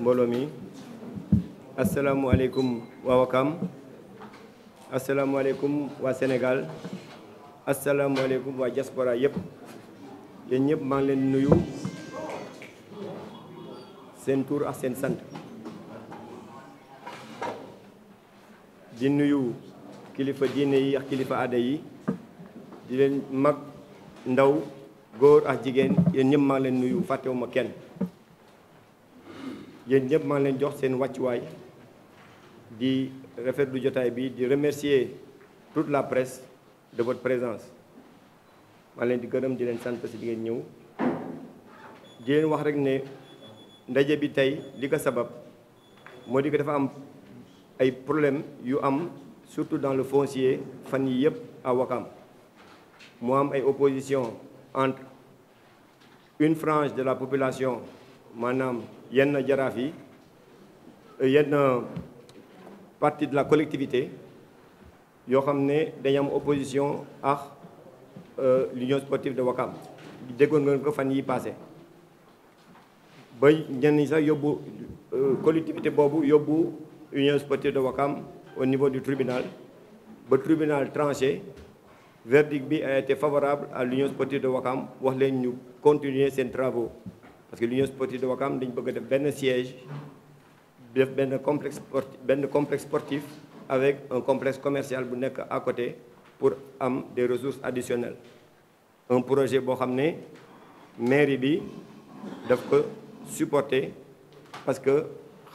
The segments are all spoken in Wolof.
mbooloo mi asalaamualeykum waa Wakaam asalaamualeykum waa Sénégal asalaamualeykum waa diaspora yépp yéen ñëpp maa ngi leen nuyu seen tur ak seen sant di nuyu kilifa diine yi ak kilifa aada yi di leen mag ndaw góor ak jigéen yéen ñëpp maa leen nuyu fàttewuma kenn yéen ñëpp maa leen jox seen wàccuwaay di rafetlu jotaay bi di remercier tout la presse de votre présence maa leen di gërëm di leen sant si di ñëw di leen wax rek ne ndaje bi tey li ko sabab moo di ko dafa am ay problème yu am surtout dans le foncier fan yi yëpp à Wakam mu am ay opposition entre une frange de la population maanaam yenn jaraaf yi yenn partie de la collectivité yoo xam ne dañu am opposition ak euh, l'union sportive de Wakam déggoon nga ko fan yi passé ba ñenn ñi sax yóbbu euh, collectivité boobu yóbbu union sportive de Wakam au niveau du tribunal ba tribunal tranché verdict bi a été favorable à l'union sportive de Wakam wax leen ñu continuer seen travaux parce que l'union sportive de Wakam dañ bëgg a def benn siège def benn complexe sportif benn complexe sportif avec un complexe commercial bu nekk à côté pour am des ressources additionnelles un projet boo xam ne mairie bi daf ko supporter parce que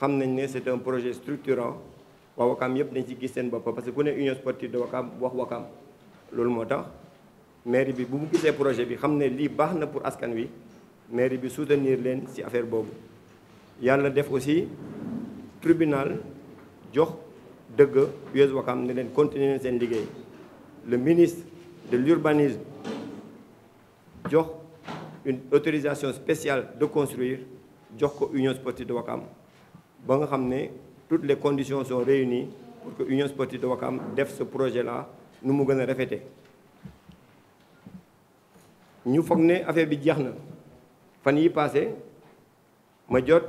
xam nañ ne c'est un projet structurant waa Wakam yëpp dañ ci gis seen bopp parce que ku ne union sportive de Wakam wax Wakam loolu moo tax mairie bi bu mu gisee projet bi xam ne lii baax na pour askan wi mairie bi soutenir leen ci affaire boobu yàlla def aussi tribunal jox dëgg US Ouakam ne leen continuer seen liggéey le ministre de l'urbanisme jox une autorisation spéciale de construire jox ko union sportive de Ouakam ba nga xam ne toutes les conditions sont réunies pour que union sportive de Ouakam def ce projet la nu mu gën a rafete ñu foog ne affaire bi jeex na fan yi passé ma jot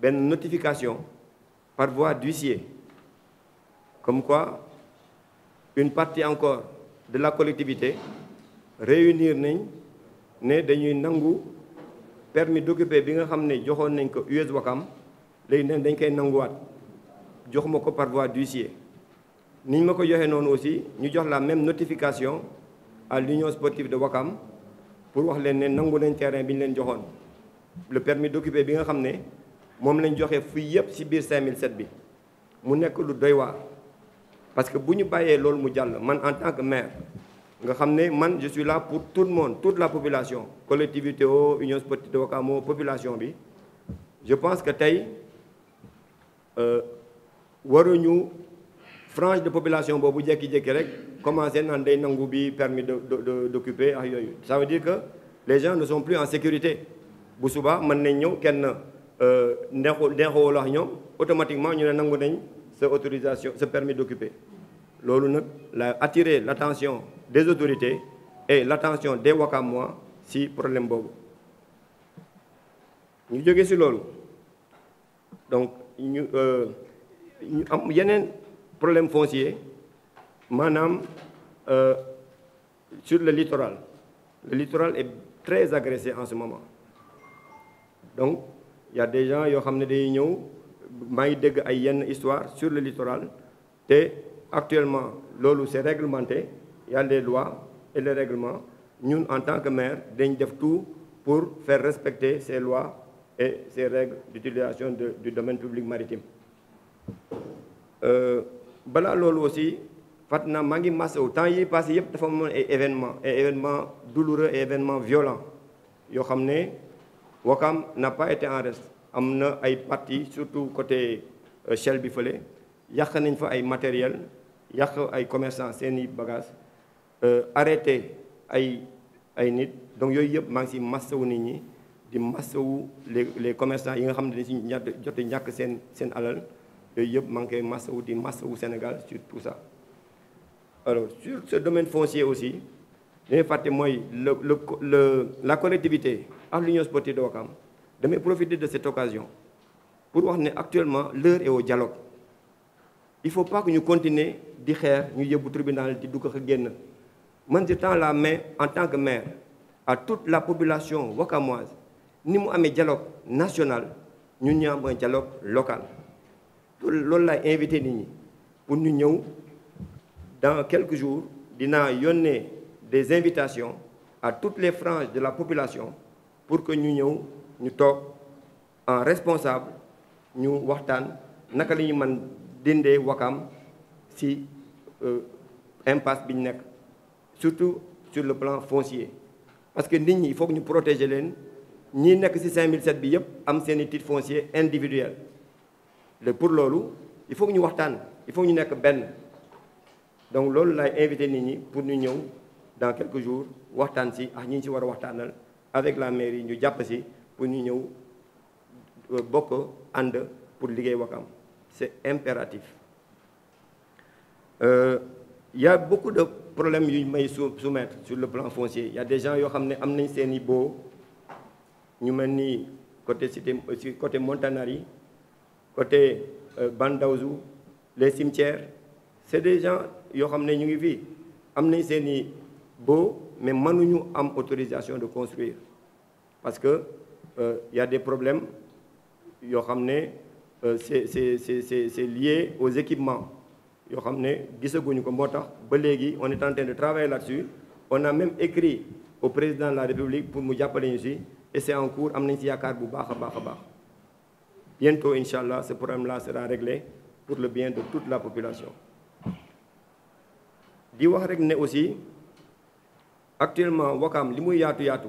benn notification par voie d'huissier comme quoi une partie encore de la collectivité réunir nañ ne dañuy nangu permis d'occuper bi nga xam ne joxoon nañ ko US Ouakam léegi ne dañ koy nanguwaat jox ma ko par voie ni ñu ma ko joxee noonu aussi ñu jox la même notification à l'union sportive de Wakam pour wax leen ne nangu nañ terrain bi ñu leen joxoon le permis d'occuper bi nga xam ne moom lañ joxe fii yëpp ci biir 5007 bi mu nekk lu doy waa parce que bu ñu bàyyee loolu mu jàll man en tant que maire nga xam ne man je suis là pour tout le monde toute la population collectivité o union sportive de Ouakam o population bi je pense que tey euh, waruñu frange de population boobu jékki-jékki rek commencé naan day nangu bi permis de de d'occuper ak yooyu ça veut dire que les gens ne sont plus en sécurité bu suba mën nañ ñëw kenn euh, neexu neexuwul ak ñoom automatiquement ñu ne nangu nañ sa autorisation sa permis loolu nag la attirer l'attention des autorités et l'attention des Wakamois si problème boobu ñu jóge si loolu donc ñu euh, am yeneen problème foncier maanaam euh, sur le littoral le littoral est très agressé en ce moment donc ya des gens yoo xam ne day ñëw maa ngi dégg ay yenn histoire sur le littoral te actuellement loolu c'est réglementé ya a les lois et les règlements ñun en tant que maire dañ def tout pour faire respecter ces lois et ces règles d'utilisation du domaine public maritime euh, balaa loolu aussi fat na maa ngi masawu temps yi passé yëpp dafa amoon ay événement ay événement douloureux et événement violent yoo xam ne Wakam n'a pas été en reste am na ay parties surtout côté euh, Shell bi fële yàq nañ fa ay matériel yàq ay commerçant seeni bagages euh, arrêté ay ay nit donc yooyu yëpp maa ngi si masawu nit ñi di masawu le les commerçants yi nga xam ne dañ si jot ñàkk seen seen alal yooyu yëpp maa ngi koy masawu di masawu Sénégal sur tout ça alors sur ce domaine foncier aussi dañuy fàtte mooy le le le la collectivité ak l'union sportive de Ouakam damay profiter de cette occasion pour wax ne actuellement l'heure est au dialogue il faut pas que ñu continuer di xeer ñu yóbbu tribunal di ko ak génn man je tends la main en tant que maire à toute la population ouakamoise ni mu amee dialogue national ñun ñu am un dialogue local loolu laay invité nit ñi pour ñu ñëw dans quelques jours dinaa yónnee des invitations à toutes les franges de la population pour que ñu ñëw ñu toog en responsable ñu waxtaan naka la ñu mën dindee Wakam ci euh, impasse bi ñu nekk surtout sur le plan foncier parce que nit ñi foog ñu protéger leen ñi nekk ci 5007 bi yëpp am seeni titre foncier individuel léegi pour loolu il faut ñu waxtaan il faut ñu nekk benn donc loolu lay invité nit ñi pour ñu ñëw dans quelques jours waxtaan si ak ñi ñu si war a waxtaanal avec la mairie ñu jàpp si pour ñu ñëw euh, bokk ànd pour liggéey Wakam c'est impératif euh, y a beaucoup de problèmes yu may soumettre sur le plan foncier y a des gens yoo xam ne am nañ seeni boo ñu mel ni côté cité côté Montanari côté euh, Bandaouzou les cimetières c'est des gens yoo xam ne ñu ngi fii am nañ seen i boo mais mënuñu am autorisation de construire parce que euh, y des problèmes yoo xam ne euh, c'est c'est c'est c'est lié aux équipements yoo xam ne gisaguñu ko moo tax ba léegi on est en train de travailler là-dessus on a même écrit au président de la République pour mu jàppale ñu si et c'est en cours am nañ si yaakaar bu baax a baax a baax Bientôt, Inch'Allah, ce problème la sera réglé pour le bien de toute la population. di wax rek ne aussi actuellement Wakaam li muy yaatu yaatu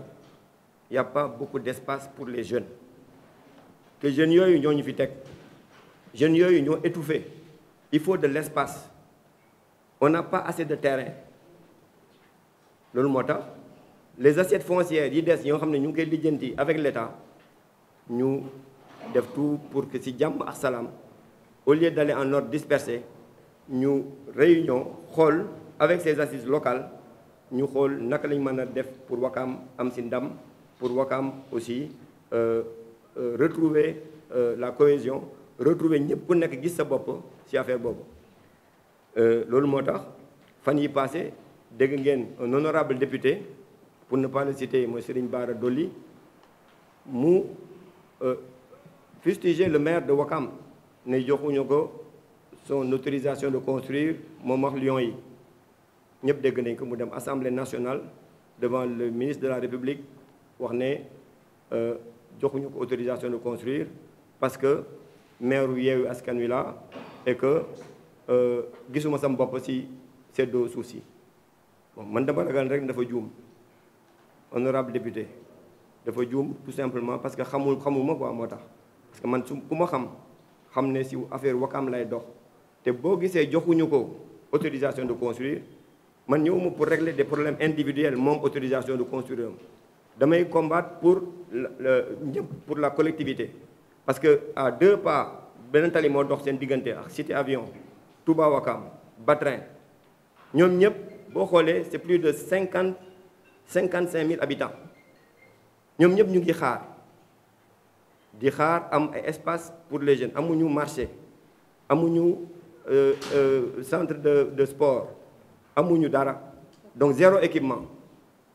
y a pas beaucoup d'espace pour les jeunes que jeunes yooyu ñoo ñu fi teg jeunes yooyu ñoo étouffé il faut de l'espace on n'a pas assez de terrain loolu moo tax les assiettes foncières yi des yoo xam ne ñu ngi koy lijjanti avec l'État ñu def tout pour que ci jàmm ak salaam au lieu d'aller en ordre dispersé ñu réunion xool avec ces assises locales ñu xool naka lañ mën a def pour Wakaam am ci ndam pour Wakaam aussi euh, euh retrouver euh, la cohésion retrouver ñëpp ku nekk gis sa bopp ci affaire boobu euh, loolu moo tax fan yi passé dégg ngeen un honorable député pour na pas le citer mooy Serigne Bara Dolly mu euh, fustiger le maire de Wakam ne joxuñu ko son autorisation de construire moom wax lion yi ñëpp dégg nañ ko mu dem assemblée nationale devant le ministre de la république wax ne euh, joxuñu ko autorisation de construire parce que maire yu yeewu askan wi la et que euh, gisuma sam bopp si seddoo suuf si bon man dama ragal rek dafa juum honorable député dafa juum tout simplement parce que xamul xamuma quoi moo tax parce que man su ku ma xam xam ne si affaire Wakaam lay dox te boo gisee joxuñu ko autorisation de construire man ñëwuma pour régler des problème individuels moom autorisation de construire damay combattre pour ñëpp pour la collectivité parce que à deux pas beneen tali moo dox seen diggante ak cité avion Touba Wakaam Batrin ñoom ñëpp boo xoolee c'est plus de cinquante cinquante cinq mille habitants ñoom ñëpp ñu ngi xaar di xaar am ay espace pour les jeunes amuñu marché amuñu euh, euh, centre de de sport amuñu dara donc zéro équipement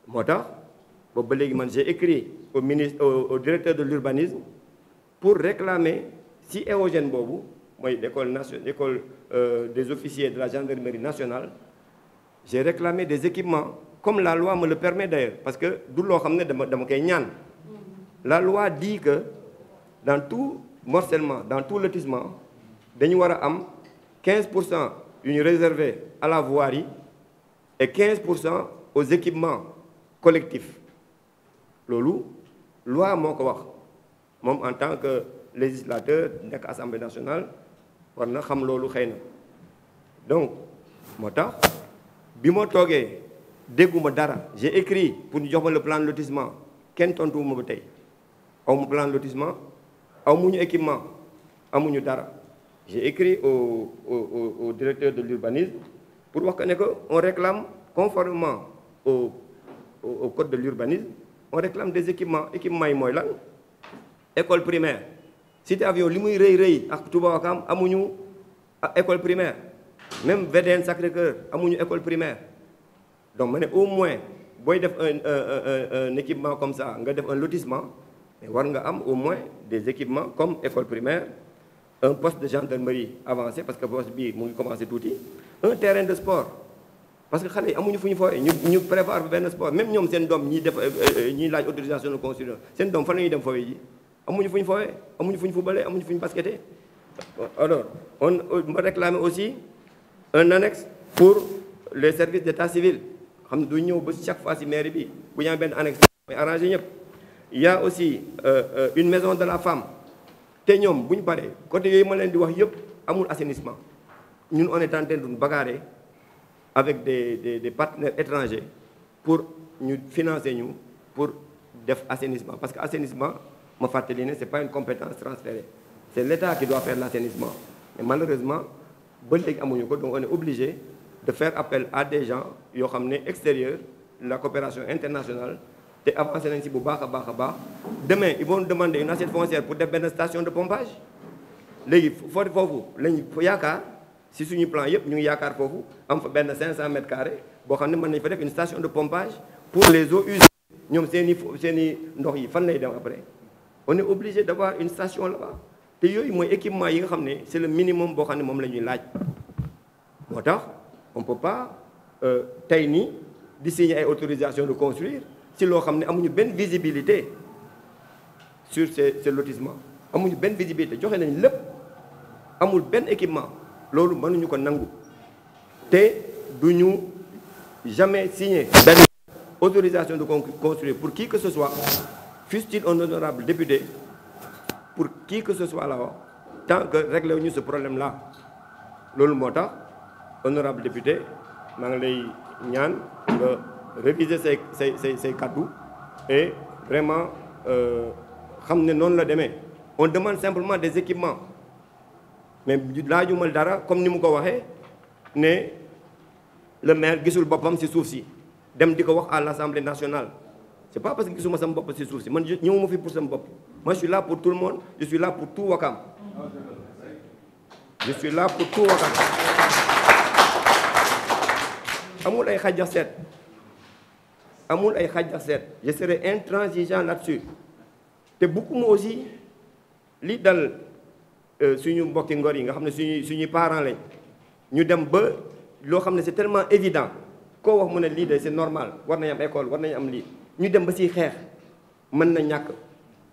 moo tax boobu ba léegi man j'ai écrit au ministre au directeur de l'urbanisme pour réclamer si éogène boobu mooy l'école nationale l'école euh, des officiers de la gendarmerie nationale j'ai réclamé des équipements comme la loi me le permet d'ailleurs parce que du loo xam ne dama dama koy ñaan la loi dit que dans tout morcellement dans tout lotissement dañu war a am quinze pour cent yu ñu réservé à yi voirie et 15 pour cent aux équipements collectifs loolu loi moo ko wax moom en tant que législateur nekk assemblée nationale war na xam loolu xëy na donc moo tax bi moo toogee dégguma dara j'ai écrit pour ñu jox ma le plan de lotissement kenn tontuwuma ba tey aw ma plan de lotissement amuñu équipement amuñu dara j'ai écrit au au au directeur de l'urbanisme pour wax que ne que on réclame conformément au au code de l'urbanisme on réclame des équipements équipements yi mooy lan école primaire cité avion li muy rëy rëy ak Touba Ouakam amuñu école primaire même VDN Sacré-Cœur amuñu école primaire donc ma ne au moins booy def un un équipement comme ça nga def un lotissement war nga am au moins des équipements comme école primaire un poste de gendarmerie avancé parce que poste bii mu ngi commencé touti un terrain de sport parce que xale yi amuñu fu ñu fooyee ñu ñu prévoir benn sport même ñoom seen doom ñiy def euh, euh, ñiy laaj autorisation de construire seen doom fan la dem fooyee ji amuñu fu ñu fooyee amuñu fu ñu footballé amuñu fu ñu basketé alors on ma réclame aussi un annexe pour les services d'état civil xam ne du ñëw ba chaque fois si mairie bi bu ñu am benn annexe mooy ñëpp ya y a aussi euh, euh, une maison de la femme te ñoom bu ñu paree côté yooyu ma leen di wax yëpp amul assainissement ñun on est en train de avec des des des partenaires étrangers pour ñu financer ñu pour def assainissement parce que assainissement ma fàttali ne c'est pas une compétence transférée c'est l'État qui doit faire l'assainissement mais malheureusement ba léegi amuñu ko donc on est obligé de faire appel à des gens yoo xam ne extérieurs la coopération internationale te avancé nañ si bu baax a baax a baax demain ils vont demander une assiette foncière pour def benn station de pompage léegi foofu foofu lañ yaakaar si suñu plan yëpp ñu ngi yaakaar foofu am fa benn 500 mètres carrés boo xam ne mën nañ fa def une station de pompage pour les eaux usées ñoom seen i seen i ndox yi fan lay dem après on est obligé d' avoir une station là-bas te yooyu mooy équipement yi nga xam ne c' est le minimum boo xam ne moom la ñuy laaj tax on peut euh, tey nii di ay autorisation de construire ci loo xam ne amuñu benn visibilité sur ces ces lotissement amuñu benn visibilité joxe nañ lépp amul benn équipement loolu mënuñu ko nangu te du ñu jamais signer benn autorisation de construire pour qui que ce soit fût-il un honorable député pour qui que ce soit là wax tant que réglé wuñu ce problème la loolu moo tax honorable député maa ngi lay ñaan réviser say say say say kaddu e xam ne noonu la demee on demande simplement des équipements mais laajuma dara comme ni mu ko waxee ne le maire gisul boppam si suuf si dem di ko wax à l'Assemblée nationale c'est pas parce que gisuma sama bopp ci suuf si man ñëwuma fi pour sama bopp moi je suis là pour tout le monde je suis là pour tout Wakam je suis là pour tout Wakam amul ay xaj a seet amul ay xaj ak seet je serai intransigeant là-dessus te bugguma aussi lii dal euh, suñu mbokki ngor yi nga xam ne suñuy suñuy parents lañ ñu dem ba loo xam ne c'est tellement évident koo mu ne lii de c'est normal war nañ am école war nañ am lii ñu dem ba siy xeex mën na ñàkk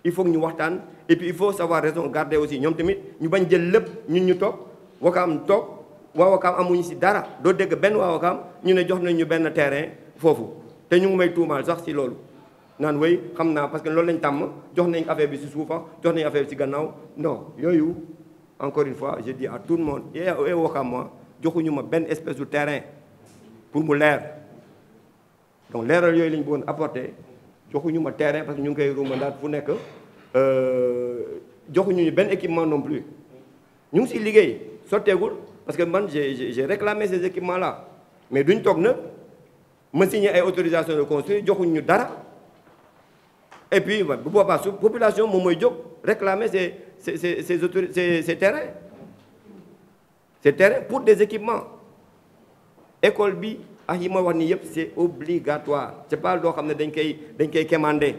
il faut ñu waxtaan et puis il faut savoir raison garder aussi ñoom tamit ñu bañ jël lépp ñun ñu toog wakaam toog waa wakaam amuñu si dara doo dégg benn waa wakaam ñu ne jox nañ ñu benn terrain foofu te ñu ngi may tuumaal sax si loolu naan way xam naa parce que loolu lañ tàmm jox nañ affaire bi si suufa ah, jox nañ affaire bi si gannaaw non yooyu encore une fois je dis à tout le monde et Ouakam moi joxuñu ma benn espèce de terrain pour mu leer donc leeral yooyu lañ bëggoon apporter joxuñu ma terrain parce que ñu ngi koy rumandaat fu nekk euh, joxuñu ñu benn équipement non plus ñu ngi si liggéey sotteegul parce que man j'ai j'ai réclamé ces équipements là mais duñ toog nag ma signé ay autorisation de construire joxuñ ñu dara et puis bu boobaa su population moom mooy jóg réclamer ces ces ces ces autori ces ces terrains ces pour des équipements école bi ak ah, yi ma wax nii yëpp c'est obligatoire c'est pas doo xam ne dañ koy dañ koy commander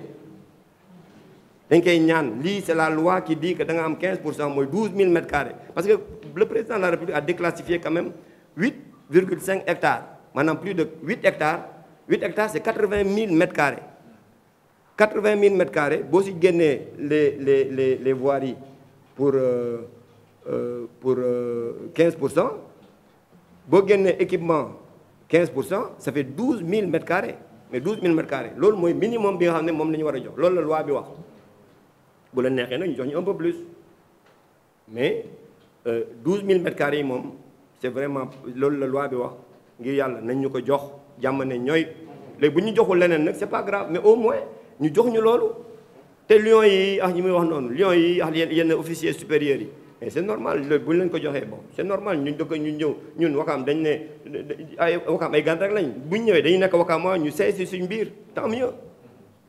dañ koy ñaan lii c'est la loi qui dit que da nga am 15 pour cent mooy 12 000 mètres parce que le président de la République a déclassifié quand même 8 virgule 5 hectares. maanaam plus de 8 hectares 8 hectares c'est 80 000 mètres carrés 80 000 mètres carrés boo si génnee les les les les voiries pour euh, euh pour euh, 15 pour cent boo génnee équipement 15 pour cent ça fait 12 000 mètres carrés mais 12 000 mètres carrés loolu mooy minimum bi nga xam ne moom lañu ñu a jox loolu la loi bi wax bu la neexee nag jox ñu un peu plus mais 12 euh, 000 mètres carrés yi moom c'est vraiment loolu la loi bi wax. ngir yàlla nañ ñu ko jox jàmm ñooy léegi bu ñu joxul leneen nag c'est pas grave mais au moins ñu jox ñu loolu te lion yi ah ñi muy wax noonu lion yi ah yenn yenn officiers yi mais c'est normal loolu bu ñu leen ko joxee bon c'est normal ñu dëkk ñu ñëw ñun wakaam dañ ne ay wakaam ay gànt rek lañ bu ñu ñëwee dañu nekk wakaam waaw ah ñu seey si suñ biir tant mieux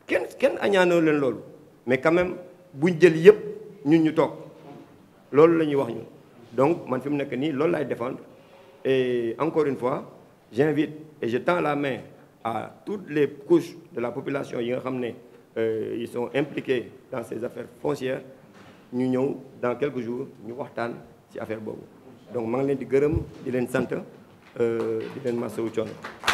kenn kenn añaanoo leen loolu mais quand même buñ jël yëpp ñun ñu toog loolu la ñuy wax ñun donc man fi mu nekk nii loolu laay défendre et encore fois j'invite et je tends la main à toutes les couches de la population yi nga xam ne euh, ils sont impliqués dans ces affaires foncières ñu ñëw dans quelques jours ñu waxtaan ci affaire boobu donc maa ngi leen di gërëm di leen sant euh, di leen masawu coono